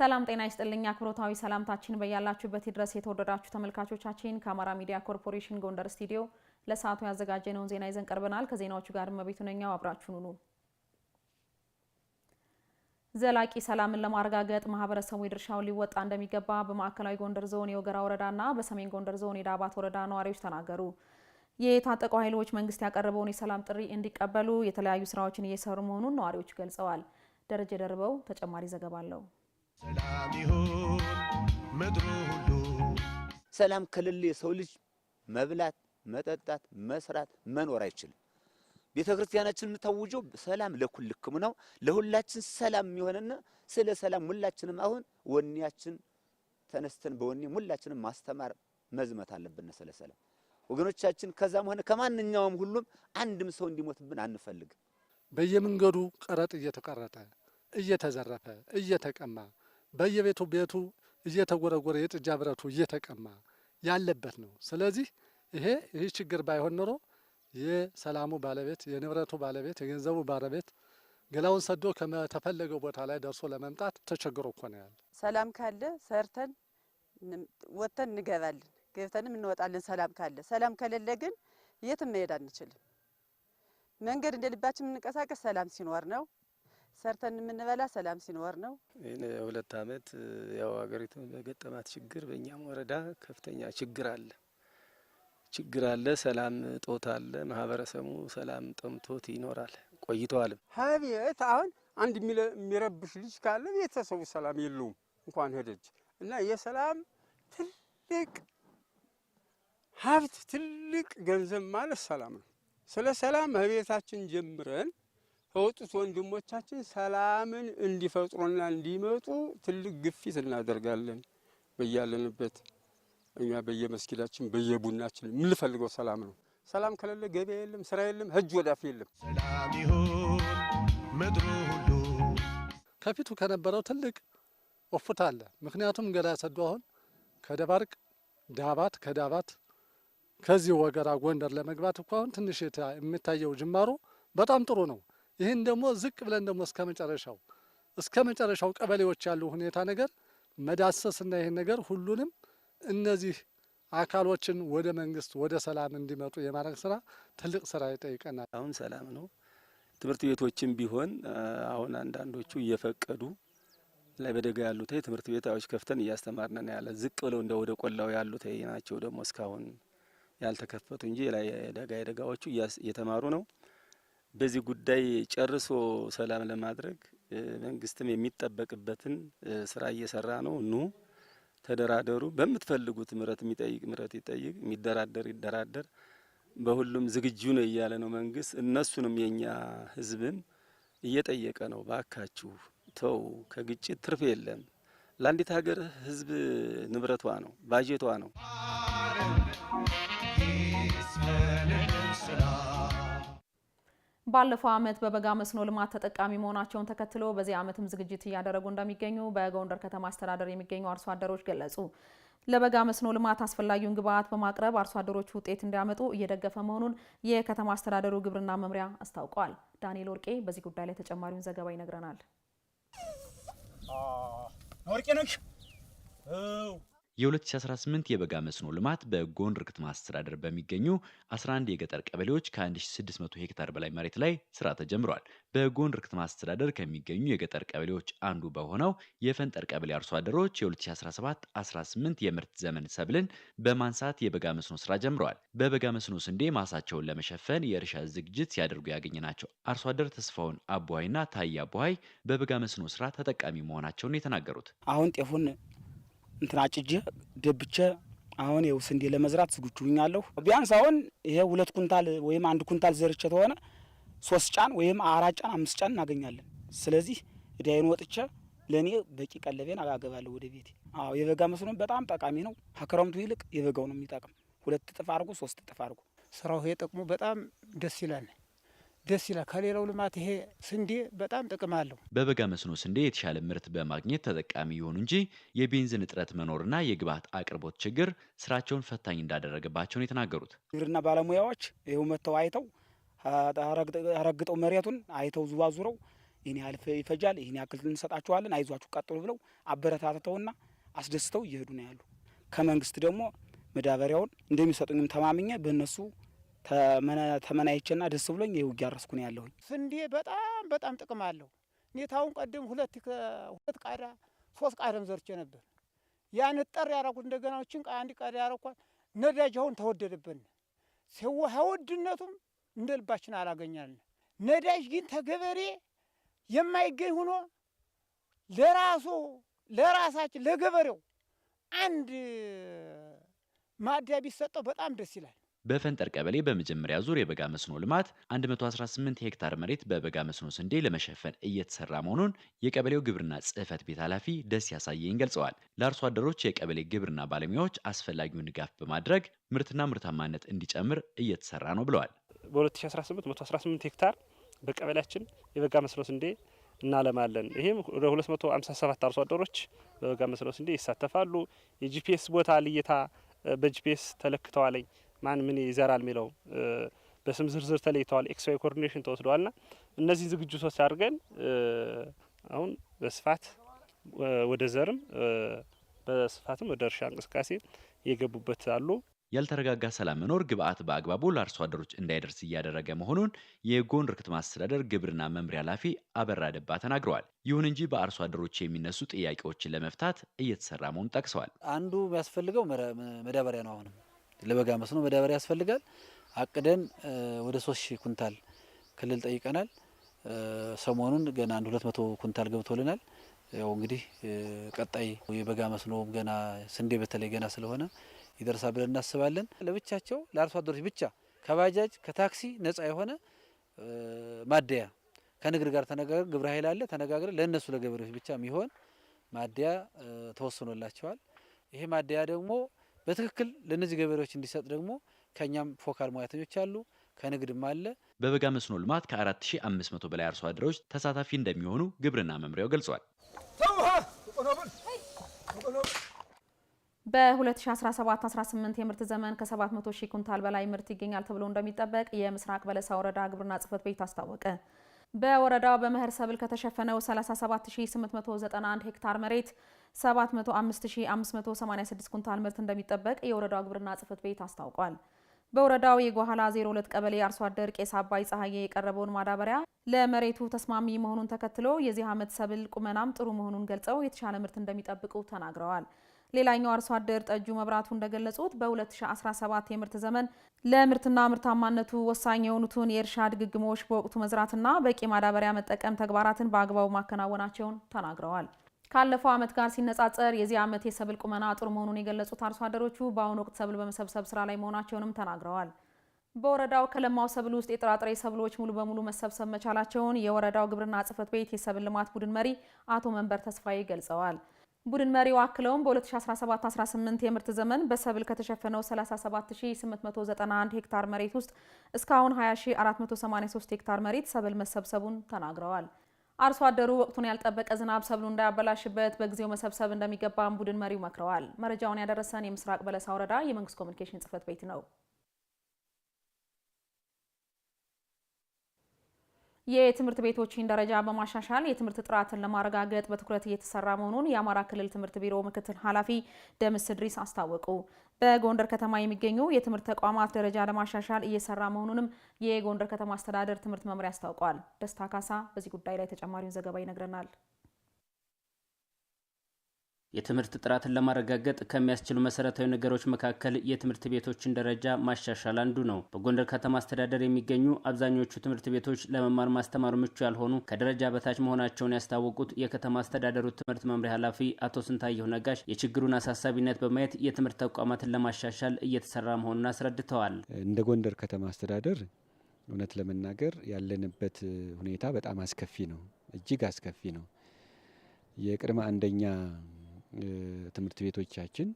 ሰላም ጤና ይስጥልኝ። አክብሮታዊ ሰላምታችን በያላችሁበት ድረስ የተወደዳችሁ ተመልካቾቻችን ከአማራ ሚዲያ ኮርፖሬሽን ጎንደር ስቱዲዮ ለሰዓቱ ያዘጋጀነውን ዜና ይዘን ቀርበናል። ከዜናዎቹ ጋር መቤቱ ነኛው፣ አብራችሁን ሁኑ። ዘላቂ ሰላምን ለማረጋገጥ ማህበረሰቡ የድርሻውን ሊወጣ እንደሚገባ በማዕከላዊ ጎንደር ዞን የወገራ ወረዳና በሰሜን ጎንደር ዞን የዳባት ወረዳ ነዋሪዎች ተናገሩ። የታጠቁ ኃይሎች መንግስት ያቀረበውን የሰላም ጥሪ እንዲቀበሉ የተለያዩ ስራዎችን እየሰሩ መሆኑን ነዋሪዎች ገልጸዋል። ደረጀ ደርበው ተጨማሪ ዘገባ አለው። ሰላም ይሁን ከሌለ የሰው ልጅ መብላት፣ መጠጣት፣ መስራት፣ መኖር አይችልም። ቤተ ክርስቲያናችን የምታውጀው ሰላም ለኩልክሙ ነው። ለሁላችን ሰላም የሚሆንና ስለ ሰላም ሁላችንም አሁን ወኔያችን ተነስተን በወኔ ሁላችንም ማስተማር መዝመት አለብን ስለ ሰላም ወገኖቻችን። ከዛም ሆነ ከማንኛውም ሁሉም አንድም ሰው እንዲሞትብን አንፈልግም። በየመንገዱ ቀረጥ እየተቀረጠ እየተዘረፈ እየተቀማ በየቤቱ ቤቱ እየተጎረጎረ የጥጃ ብረቱ እየተቀማ ያለበት ነው። ስለዚህ ይሄ ይህ ችግር ባይሆን ኖሮ የሰላሙ ባለቤት የንብረቱ ባለቤት የገንዘቡ ባለቤት ገላውን ሰዶ ከተፈለገው ቦታ ላይ ደርሶ ለመምጣት ተቸግሮ እኮ ነው ያለ። ሰላም ካለ ሰርተን ወጥተን እንገባለን፣ ገብተንም እንወጣለን። ሰላም ካለ ሰላም ከሌለ ግን የትም መሄድ አንችልም። መንገድ እንደ ልባችን የምንንቀሳቀስ ሰላም ሲኖር ነው። ሰርተን የምንበላ ሰላም ሲኖር ነው። ይህን ሁለት አመት ያው ሀገሪቱ በገጠማት ችግር በእኛም ወረዳ ከፍተኛ ችግር አለ ችግር አለ። ሰላም ጦት አለ። ማህበረሰቡ ሰላም ጠምቶት ይኖራል ቆይተዋልም። ሀቤት አሁን አንድ የሚረብሽ ልጅ ካለ ቤተሰቡ ሰላም የለውም እንኳን ሄደች እና የሰላም ትልቅ ሀብት ትልቅ ገንዘብ ማለት ሰላም ነው። ስለ ሰላም ህቤታችን ጀምረን ከወጡት ወንድሞቻችን ሰላምን እንዲፈጥሩና እንዲመጡ ትልቅ ግፊት እናደርጋለን። በያለንበት እኛ በየመስጊዳችን በየቡናችን የምንፈልገው ሰላም ነው። ሰላም ከሌለ ገበያ የለም፣ ስራ የለም፣ ህጅ ወዳፍ የለም። ሰላም ይሁን ምድሩ ሁሉ። ከፊቱ ከነበረው ትልቅ እፎይታ አለ። ምክንያቱም ገላ ሰዶ አሁን ከደባርቅ ዳባት ከዳባት ከዚህ ወገራ ጎንደር ለመግባት እኮ አሁን ትንሽ የሚታየው ጅማሮ በጣም ጥሩ ነው። ይህን ደግሞ ዝቅ ብለን ደግሞ እስከ መጨረሻው እስከ መጨረሻው ቀበሌዎች ያሉ ሁኔታ ነገር መዳሰስና ይህን ነገር ሁሉንም እነዚህ አካሎችን ወደ መንግስት ወደ ሰላም እንዲመጡ የማድረግ ስራ ትልቅ ስራ ይጠይቀናል። አሁን ሰላም ነው። ትምህርት ቤቶችም ቢሆን አሁን አንዳንዶቹ እየፈቀዱ ላይ በደጋ ያሉት ትምህርት ቤታዎች ከፍተን እያስተማርን ነው ያለ። ዝቅ ብለው እንደ ወደ ቆላው ያሉት ናቸው ደግሞ እስካሁን ያልተከፈቱ እንጂ ላይ ደጋ የደጋዎቹ እየተማሩ ነው። በዚህ ጉዳይ ጨርሶ ሰላም ለማድረግ መንግስትም የሚጠበቅበትን ስራ እየሰራ ነው። ኑ ተደራደሩ፣ በምትፈልጉት ምረት የሚጠይቅ ምረት ይጠይቅ፣ የሚደራደር ይደራደር፣ በሁሉም ዝግጁ ነው እያለ ነው መንግስት። እነሱንም የኛ ህዝብም እየጠየቀ ነው። ባካችሁ ተው፣ ከግጭት ትርፍ የለም። ለአንዲት ሀገር ህዝብ ንብረቷ ነው፣ ባጀቷ ነው። ባለፈው ዓመት በበጋ መስኖ ልማት ተጠቃሚ መሆናቸውን ተከትሎ በዚህ ዓመትም ዝግጅት እያደረጉ እንደሚገኙ በጎንደር ከተማ አስተዳደር የሚገኙ አርሶ አደሮች ገለጹ። ለበጋ መስኖ ልማት አስፈላጊውን ግብዓት በማቅረብ አርሶ አደሮች ውጤት እንዲያመጡ እየደገፈ መሆኑን የከተማ አስተዳደሩ ግብርና መምሪያ አስታውቋል። ዳንኤል ወርቄ በዚህ ጉዳይ ላይ ተጨማሪውን ዘገባ ይነግረናል። የ2018 የበጋ መስኖ ልማት በጎንደር ከተማ አስተዳደር በሚገኙ 11 የገጠር ቀበሌዎች ከ1600 ሄክታር በላይ መሬት ላይ ስራ ተጀምሯል። በጎንደር ከተማ አስተዳደር ከሚገኙ የገጠር ቀበሌዎች አንዱ በሆነው የፈንጠር ቀበሌ አርሶ አደሮች የ2017-18 የምርት ዘመን ሰብልን በማንሳት የበጋ መስኖ ስራ ጀምረዋል። በበጋ መስኖ ስንዴ ማሳቸውን ለመሸፈን የእርሻ ዝግጅት ሲያደርጉ ያገኘናቸው አርሶ አደር ተስፋውን አቦሃይና ታያ አቦሃይ በበጋ መስኖ ስራ ተጠቃሚ መሆናቸውን የተናገሩት አሁን ጤፉን እንትን አጭጄ ደብቼ አሁን ይኸው ስንዴ ለመዝራት ዝግጁ ሆኛለሁ። ቢያንስ አሁን ይሄ ሁለት ኩንታል ወይም አንድ ኩንታል ዘርቼ ተሆነ ሶስት ጫን ወይም አራት ጫን አምስት ጫን እናገኛለን። ስለዚህ እዳይን ወጥቼ ለእኔ በቂ ቀለቤን አጋገባለሁ ወደ ቤቴ። አዎ የበጋ መስኖም በጣም ጠቃሚ ነው። ከክረምቱ ይልቅ የበጋው ነው የሚጠቅም። ሁለት እጥፍ አድርጎ ሶስት እጥፍ አድርጎ ስራው ይሄ ጥቅሙ በጣም ደስ ይላል። ደስ ይላል። ከሌላው ልማት ይሄ ስንዴ በጣም ጥቅም አለው። በበጋ መስኖ ስንዴ የተሻለ ምርት በማግኘት ተጠቃሚ ይሆኑ እንጂ የቤንዝን እጥረት መኖርና የግብዓት አቅርቦት ችግር ስራቸውን ፈታኝ እንዳደረገባቸውን የተናገሩት ግብርና ባለሙያዎች ይኸው መጥተው አይተው ረግጠው መሬቱን አይተው ዙዋዙረው ይህን ያህል ይፈጃል፣ ይህን ያክል እንሰጣችኋለን፣ አይዟችሁ ቀጥሉ ብለው አበረታትተውና አስደስተው እየሄዱ ነው ያሉ። ከመንግስት ደግሞ መዳበሪያውን እንደሚሰጡኝም ተማምኜ በእነሱ ተመናይቼና ደስ ብሎኝ ይህ ረስኩ ነው ያለሁኝ። ስንዴ በጣም በጣም ጥቅም አለው። ኔታውን ቀድም ሁለት ሁለት ቃዳ ሶስት ቃዳም ዘርቼ ነበር። ያን ጠር ያረኩት እንደገና ችን አንድ ቃዳ ያረኳት ነዳጅ አሁን ተወደደብን። ሰውሃ ውድነቱም እንደ ልባችን አላገኛልን። ነዳጅ ግን ተገበሬ የማይገኝ ሆኖ ለራሱ ለራሳችን ለገበሬው አንድ ማዳ ቢሰጠው በጣም ደስ ይላል። በፈንጠር ቀበሌ በመጀመሪያ ዙር የበጋ መስኖ ልማት 118 ሄክታር መሬት በበጋ መስኖ ስንዴ ለመሸፈን እየተሰራ መሆኑን የቀበሌው ግብርና ጽሕፈት ቤት ኃላፊ ደስ ያሳየኝ ገልጸዋል። ለአርሶ አደሮች የቀበሌ ግብርና ባለሙያዎች አስፈላጊውን ድጋፍ በማድረግ ምርትና ምርታማነት እንዲጨምር እየተሰራ ነው ብለዋል። በ2018 118 ሄክታር በቀበሌያችን የበጋ መስኖ ስንዴ እናለማለን። ይህም ወደ 257 አርሶ አደሮች በበጋ መስኖ ስንዴ ይሳተፋሉ። የጂፒኤስ ቦታ ልየታ በጂፒኤስ ተለክተዋለኝ ማን ምን ይዘራል የሚለው በስም ዝርዝር ተለይተዋል። ኤክስዋይ ኮኦርዲኔሽን ተወስደዋል። ና እነዚህን ዝግጅቶች አድርገን አሁን በስፋት ወደ ዘርም በስፋትም ወደ እርሻ እንቅስቃሴ የገቡበት አሉ። ያልተረጋጋ ሰላም መኖር ግብአት በአግባቡ ለአርሶ አደሮች እንዳይደርስ እያደረገ መሆኑን የጎንደር ከተማ አስተዳደር ግብርና መምሪያ ኃላፊ አበራ ደባ ተናግረዋል። ይሁን እንጂ በአርሶ አደሮች የሚነሱ ጥያቄዎችን ለመፍታት እየተሰራ መሆኑን ጠቅሰዋል። አንዱ የሚያስፈልገው መዳበሪያ ነው። አሁንም ለበጋ መስኖ መዳበሪያ ያስፈልጋል። አቅደን ወደ ሶስት ሺህ ኩንታል ክልል ጠይቀናል። ሰሞኑን ገና አንድ ሁለት መቶ ኩንታል ገብቶልናል። ያው እንግዲህ ቀጣይ የበጋ መስኖ ገና ስንዴ በተለይ ገና ስለሆነ ይደርሳል ብለን እናስባለን። ለብቻቸው ለአርሶ አደሮች ብቻ ከባጃጅ ከታክሲ ነጻ የሆነ ማደያ ከንግድ ጋር ተነጋግረ ግብረ ኃይል አለ ተነጋግረ ለእነሱ ለገበሬዎች ብቻ የሚሆን ማደያ ተወስኖላቸዋል። ይሄ ማደያ ደግሞ በትክክል ለእነዚህ ገበሬዎች እንዲሰጥ ደግሞ ከእኛም ፎካል ሙያተኞች አሉ፣ ከንግድም አለ። በበጋ መስኖ ልማት ከ4500 በላይ አርሶ አደሮች ተሳታፊ እንደሚሆኑ ግብርና መምሪያው ገልጿል። በ2017-18 የምርት ዘመን ከ700 ሺህ ኩንታል በላይ ምርት ይገኛል ተብሎ እንደሚጠበቅ የምስራቅ በለሳ ወረዳ ግብርና ጽሕፈት ቤት አስታወቀ። በወረዳው በመኸር ሰብል ከተሸፈነው 37891 ሄክታር መሬት 75586 ኩንታል ምርት እንደሚጠበቅ የወረዳው ግብርና ጽሕፈት ቤት አስታውቋል። በወረዳው የጓኋላ 02 ቀበሌ አርሶ አደር ቄስ አባይ ፀሐዬ የቀረበውን ማዳበሪያ ለመሬቱ ተስማሚ መሆኑን ተከትሎ የዚህ ዓመት ሰብል ቁመናም ጥሩ መሆኑን ገልጸው የተሻለ ምርት እንደሚጠብቁ ተናግረዋል። ሌላኛው አርሶ አደር ጠጁ መብራቱ እንደገለጹት በ2017 የምርት ዘመን ለምርትና ምርታማነቱ ወሳኝ የሆኑትን የእርሻ ድግግሞች በወቅቱ መዝራትና በቂ ማዳበሪያ መጠቀም ተግባራትን በአግባቡ ማከናወናቸውን ተናግረዋል። ካለፈው ዓመት ጋር ሲነጻጸር የዚህ ዓመት የሰብል ቁመና ጥሩ መሆኑን የገለጹት አርሶ አደሮቹ በአሁኑ ወቅት ሰብል በመሰብሰብ ስራ ላይ መሆናቸውንም ተናግረዋል። በወረዳው ከለማው ሰብል ውስጥ የጥራጥሬ ሰብሎች ሙሉ በሙሉ መሰብሰብ መቻላቸውን የወረዳው ግብርና ጽሕፈት ቤት የሰብል ልማት ቡድን መሪ አቶ መንበር ተስፋዬ ገልጸዋል። ቡድን መሪው አክለውም በ2017/18 የምርት ዘመን በሰብል ከተሸፈነው 37891 ሄክታር መሬት ውስጥ እስካሁን 20483 ሄክታር መሬት ሰብል መሰብሰቡን ተናግረዋል። አርሶ አደሩ ወቅቱን ያልጠበቀ ዝናብ ሰብሉ እንዳያበላሽበት በጊዜው መሰብሰብ እንደሚገባም ቡድን መሪው መክረዋል። መረጃውን ያደረሰን የምስራቅ በለሳ ወረዳ የመንግስት ኮሚኒኬሽን ጽህፈት ቤት ነው። የትምህርት ቤቶችን ደረጃ በማሻሻል የትምህርት ጥራትን ለማረጋገጥ በትኩረት እየተሰራ መሆኑን የአማራ ክልል ትምህርት ቢሮ ምክትል ኃላፊ ደምስ ድሪስ አስታወቁ። በጎንደር ከተማ የሚገኙ የትምህርት ተቋማት ደረጃ ለማሻሻል እየሰራ መሆኑንም የጎንደር ከተማ አስተዳደር ትምህርት መምሪያ አስታውቋል። ደስታ ካሳ በዚህ ጉዳይ ላይ ተጨማሪውን ዘገባ ይነግረናል። የትምህርት ጥራትን ለማረጋገጥ ከሚያስችሉ መሰረታዊ ነገሮች መካከል የትምህርት ቤቶችን ደረጃ ማሻሻል አንዱ ነው። በጎንደር ከተማ አስተዳደር የሚገኙ አብዛኞቹ ትምህርት ቤቶች ለመማር ማስተማር ምቹ ያልሆኑ ከደረጃ በታች መሆናቸውን ያስታወቁት የከተማ አስተዳደሩ ትምህርት መምሪያ ኃላፊ አቶ ስንታየሁ ነጋሽ የችግሩን አሳሳቢነት በማየት የትምህርት ተቋማትን ለማሻሻል እየተሰራ መሆኑን አስረድተዋል። እንደ ጎንደር ከተማ አስተዳደር እውነት ለመናገር ያለንበት ሁኔታ በጣም አስከፊ ነው፣ እጅግ አስከፊ ነው። የቅድመ አንደኛ ትምህርት ቤቶቻችን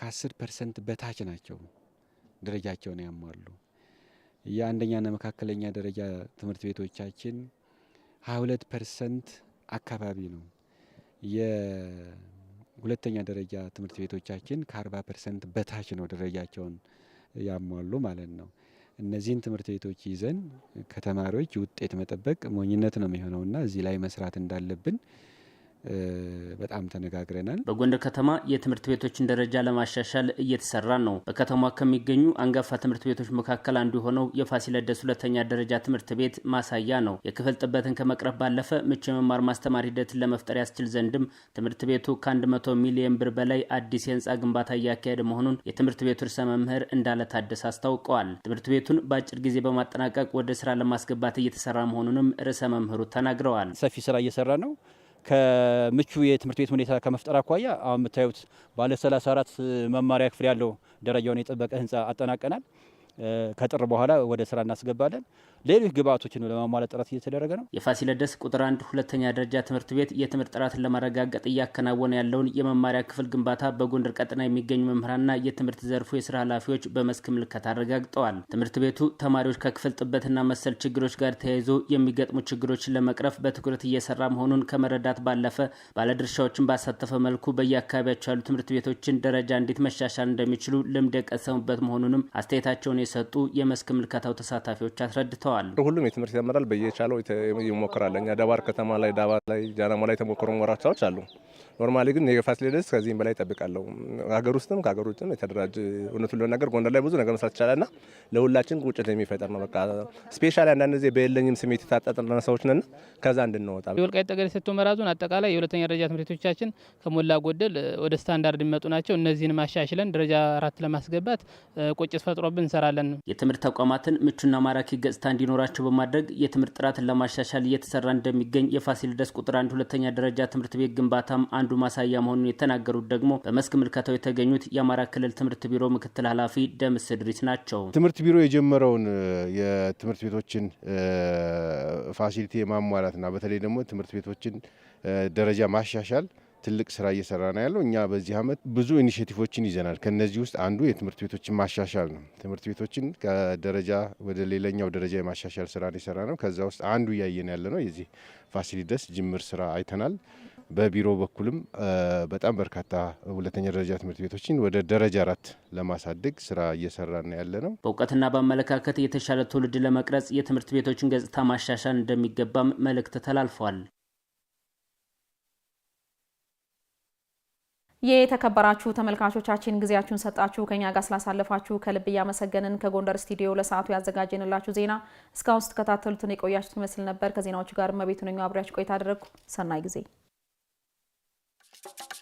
ከአስር ፐርሰንት በታች ናቸው ደረጃቸውን ያሟሉ። የአንደኛና መካከለኛ ደረጃ ትምህርት ቤቶቻችን ሀያ ሁለት ፐርሰንት አካባቢ ነው። የሁለተኛ ደረጃ ትምህርት ቤቶቻችን ከአርባ ፐርሰንት በታች ነው ደረጃቸውን ያሟሉ ማለት ነው። እነዚህን ትምህርት ቤቶች ይዘን ከተማሪዎች ውጤት መጠበቅ ሞኝነት ነው የሚሆነውና እዚህ ላይ መስራት እንዳለብን በጣም ተነጋግረናል። በጎንደር ከተማ የትምህርት ቤቶችን ደረጃ ለማሻሻል እየተሰራ ነው። በከተማ ከሚገኙ አንጋፋ ትምህርት ቤቶች መካከል አንዱ የሆነው የፋሲለደስ ሁለተኛ ደረጃ ትምህርት ቤት ማሳያ ነው። የክፍል ጥበትን ከመቅረፍ ባለፈ ምቹ የመማር ማስተማር ሂደትን ለመፍጠር ያስችል ዘንድም ትምህርት ቤቱ ከ100 ሚሊዮን ብር በላይ አዲስ የህንፃ ግንባታ እያካሄደ መሆኑን የትምህርት ቤቱ ርዕሰ መምህር እንዳለ ታደሰ አስታውቀዋል። ትምህርት ቤቱን በአጭር ጊዜ በማጠናቀቅ ወደ ስራ ለማስገባት እየተሰራ መሆኑንም ርዕሰ መምህሩ ተናግረዋል። ሰፊ ስራ እየሰራ ነው ከምቹ የትምህርት ቤት ሁኔታ ከመፍጠር አኳያ አሁን የምታዩት ባለ 34 መማሪያ ክፍል ያለው ደረጃውን የጠበቀ ህንፃ አጠናቀናል። ከጥር በኋላ ወደ ስራ እናስገባለን። ሌሎች ግብአቶችን ለማሟላት ጥረት እየተደረገ ነው። የፋሲለደስ ቁጥር አንድ ሁለተኛ ደረጃ ትምህርት ቤት የትምህርት ጥራትን ለማረጋገጥ እያከናወነ ያለውን የመማሪያ ክፍል ግንባታ በጎንደር ቀጠና የሚገኙ መምህራንና የትምህርት ዘርፉ የስራ ኃላፊዎች በመስክ ምልከት አረጋግጠዋል። ትምህርት ቤቱ ተማሪዎች ከክፍል ጥበትና መሰል ችግሮች ጋር ተያይዞ የሚገጥሙ ችግሮችን ለመቅረፍ በትኩረት እየሰራ መሆኑን ከመረዳት ባለፈ ባለድርሻዎችን ባሳተፈ መልኩ በየአካባቢያቸው ያሉ ትምህርት ቤቶችን ደረጃ እንዴት መሻሻል እንደሚችሉ ልምድ የቀሰሙበት መሆኑንም አስተያየታቸውን የሰጡ የመስክ ምልከታው ተሳታፊዎች አስረድተዋል። ሰጥተዋል። ሁሉም የትምህርት ይጀምራል በየቻለው ይሞክራል። እኛ ዳባር ከተማ ላይ ዳባር ላይ ጃናማ ላይ የተሞከሩ ወራቻዎች አሉ። ኖርማሊ ግን የፋሲለደስ ከዚህም በላይ ይጠብቃለሁ። ሀገር ውስጥም ከሀገር ውጭም የተደራጀ እውነቱን ለመናገር ጎንደር ላይ ብዙ ነገር መስራት ይቻላል ና ለሁላችን ቁጭት የሚፈጠር ነው። በቃ ስፔሻሊ አንዳንድ ጊዜ በየለኝም ስሜት የታጣጠለን ሰዎች ነን። ከዛ እንድንወጣ የወልቃይት ጠገዴ ሰቲት ሁመራ ዞን አጠቃላይ የሁለተኛ ደረጃ ትምህርት ቤቶቻችን ከሞላ ጎደል ወደ ስታንዳርድ የሚመጡ ናቸው። እነዚህን ማሻሽለን ደረጃ አራት ለማስገባት ቁጭት ፈጥሮብን እንሰራለን። የትምህርት ተቋማትን ምቹና ማራኪ ገጽታ እንዲኖራቸው በማድረግ የትምህርት ጥራትን ለማሻሻል እየተሰራ እንደሚገኝ የፋሲለደስ ቁጥር አንድ ሁለተኛ ደረጃ ትምህርት ቤት ግንባታም አንዱ አንዱ ማሳያ መሆኑን የተናገሩት ደግሞ በመስክ ምልከታው የተገኙት የአማራ ክልል ትምህርት ቢሮ ምክትል ኃላፊ ደምስ ድሪስ ናቸው። ትምህርት ቢሮ የጀመረውን የትምህርት ቤቶችን ፋሲሊቲ የማሟላትና በተለይ ደግሞ ትምህርት ቤቶችን ደረጃ ማሻሻል ትልቅ ስራ እየሰራ ነው ያለው። እኛ በዚህ አመት ብዙ ኢኒሽቲቮችን ይዘናል። ከነዚህ ውስጥ አንዱ የትምህርት ቤቶችን ማሻሻል ነው። ትምህርት ቤቶችን ከደረጃ ወደ ሌላኛው ደረጃ የማሻሻል ስራ ነው የሰራ ነው። ከዛ ውስጥ አንዱ እያየን ያለ ነው። የዚህ ፋሲሊደስ ጅምር ስራ አይተናል። በቢሮ በኩልም በጣም በርካታ ሁለተኛ ደረጃ ትምህርት ቤቶችን ወደ ደረጃ አራት ለማሳደግ ስራ እየሰራን ያለ ነው። በእውቀትና በአመለካከት የተሻለ ትውልድ ለመቅረጽ የትምህርት ቤቶችን ገጽታ ማሻሻል እንደሚገባም መልእክት ተላልፏል። የተከበራችሁ ተመልካቾቻችን ጊዜያችሁን ሰጣችሁ ከኛ ጋር ስላሳለፋችሁ ከልብ እያመሰገንን ከጎንደር ስቱዲዮ ለሰዓቱ ያዘጋጀንላችሁ ዜና እስካሁን ስትከታተሉትን የቆያችሁት ይመስል ነበር። ከዜናዎቹ ጋር እመቤቱ ነኝ አብሬያችሁ ቆይታ አደረግኩ። ሰናይ ጊዜ you